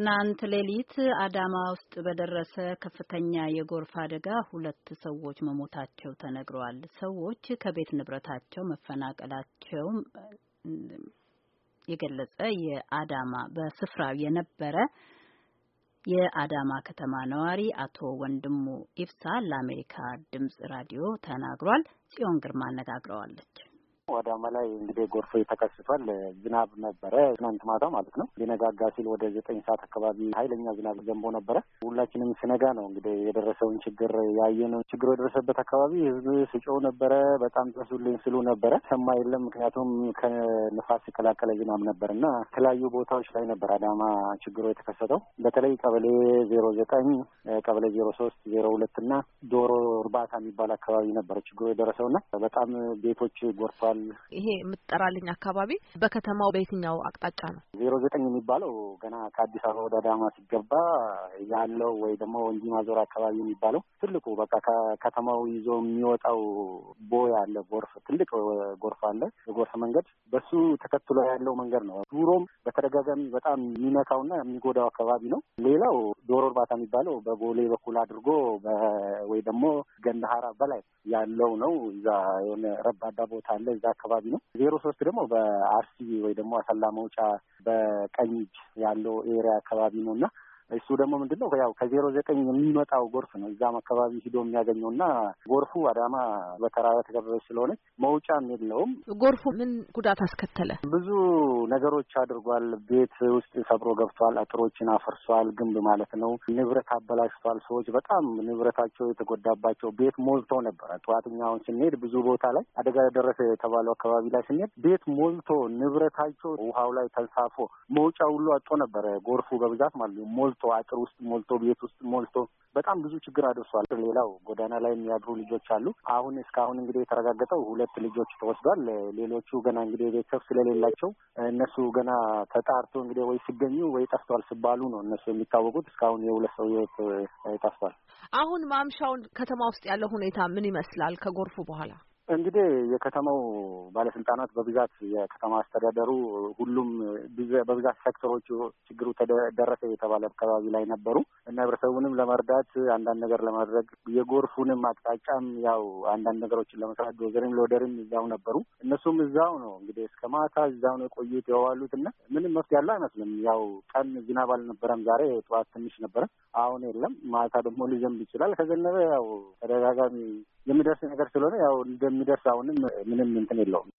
ትናንት ሌሊት አዳማ ውስጥ በደረሰ ከፍተኛ የጎርፍ አደጋ ሁለት ሰዎች መሞታቸው ተነግረዋል። ሰዎች ከቤት ንብረታቸው መፈናቀላቸው የገለጸ የአዳማ በስፍራው የነበረ የአዳማ ከተማ ነዋሪ አቶ ወንድሙ ኢብሳ ለአሜሪካ ድምጽ ራዲዮ ተናግሯል። ጽዮን ግርማ አነጋግረዋለች። አዳማ ላይ እንግዲህ ጎርፎ ተከስቷል። ዝናብ ነበረ ትናንት ማታ ማለት ነው። ሊነጋጋ ሲል ወደ ዘጠኝ ሰዓት አካባቢ ኃይለኛ ዝናብ ዘንቦ ነበረ። ሁላችንም ስነጋ ነው እንግዲህ የደረሰውን ችግር ያየነው። ችግሩ የደረሰበት አካባቢ ህዝብ ስጮው ነበረ። በጣም ድረሱልኝ ስሉ ነበረ። ሰማ የለም ምክንያቱም ከንፋስ የቀላቀለ ዝናብ ነበር እና የተለያዩ ቦታዎች ላይ ነበር አዳማ ችግሩ የተከሰተው። በተለይ ቀበሌ ዜሮ ዘጠኝ ቀበሌ ዜሮ ሶስት ዜሮ ሁለት እና ዶሮ እርባታ የሚባል አካባቢ ነበረ ችግሩ የደረሰው እና በጣም ቤቶች ጎርፏል። ይባላል። ይሄ የምትጠራልኝ አካባቢ በከተማው በየትኛው አቅጣጫ ነው? ዜሮ ዘጠኝ የሚባለው ገና ከአዲስ አበባ ወደ አዳማ ሲገባ ያለው ወይ ደግሞ ወንጂ ማዞር አካባቢ የሚባለው ትልቁ በቃ ከከተማው ይዞ የሚወጣው ቦይ አለ፣ ጎርፍ ትልቅ ጎርፍ አለ፣ የጎርፍ መንገድ በሱ ተከትሎ ያለው መንገድ ነው። ዱሮም በተደጋጋሚ በጣም የሚነካውና የሚጎዳው አካባቢ ነው። ሌላው ዶሮ እርባታ የሚባለው በቦሌ በኩል አድርጎ ወይ ደግሞ ገንዳሀራ በላይ ያለው ነው። እዛ የሆነ ረባዳ ቦታ አለ አካባቢ ነው። ዜሮ ሶስት ደግሞ በአርሲ ወይ ደግሞ አሰላ መውጫ በቀኝ እጅ ያለው ኤሪያ አካባቢ ነው እና እሱ ደግሞ ምንድን ነው ያው ከዜሮ ዘጠኝ የሚመጣው ጎርፍ ነው እዛም አካባቢ ሂዶ የሚያገኘው እና ጎርፉ አዳማ በተራራ የተከበበች ስለሆነች መውጫም የለውም። ጎርፉ ምን ጉዳት አስከተለ? ብዙ ነገሮች አድርጓል። ቤት ውስጥ ሰብሮ ገብቷል። አጥሮችን አፈርሷል። ግንብ ማለት ነው። ንብረት አበላሽቷል። ሰዎች በጣም ንብረታቸው የተጎዳባቸው ቤት ሞልቶ ነበረ። ጠዋትኛውን ስንሄድ ብዙ ቦታ ላይ አደጋ ደረሰ የተባለው አካባቢ ላይ ስንሄድ ቤት ሞልቶ ንብረታቸው ውሃው ላይ ተንሳፎ መውጫ ሁሉ አጥቶ ነበረ። ጎርፉ በብዛት ማለት ነው ሞልቶ ሞልቶ አጥር ውስጥ ሞልቶ ቤት ውስጥ ሞልቶ በጣም ብዙ ችግር አድርሷል። ሌላው ጎዳና ላይ የሚያድሩ ልጆች አሉ። አሁን እስካሁን እንግዲህ የተረጋገጠው ሁለት ልጆች ተወስዷል። ሌሎቹ ገና እንግዲህ ቤተሰብ ስለሌላቸው እነሱ ገና ተጣርቶ እንግዲህ ወይ ሲገኙ ወይ ጠፍቷል ሲባሉ ነው እነሱ የሚታወቁት። እስካሁን የሁለት ሰው ህይወት ጠፍቷል። አሁን ማምሻውን ከተማ ውስጥ ያለው ሁኔታ ምን ይመስላል ከጎርፉ በኋላ? እንግዲህ የከተማው ባለስልጣናት በብዛት የከተማ አስተዳደሩ ሁሉም በብዛት ሴክተሮቹ ችግሩ ደረሰ የተባለ አካባቢ ላይ ነበሩ እና ህብረተሰቡንም ለመርዳት አንዳንድ ነገር ለማድረግ የጎርፉንም አቅጣጫም ያው አንዳንድ ነገሮችን ለመስራት ዶዘርም ሎደርም እዛው ነበሩ። እነሱም እዛው ነው እንግዲህ እስከ ማታ እዛው ነው የቆዩት የዋሉት እና ምንም መፍትሄ ያለው አይመስልም። ያው ቀን ዝናብ አልነበረም ዛሬ ጠዋት ትንሽ ነበረ፣ አሁን የለም። ማታ ደግሞ ሊዘንብ ይችላል። ከዘነበ ያው ተደጋጋሚ የሚደርስ ነገር ስለሆነ ያው እንደሚደርስ አሁንም ምንም እንትን የለውም።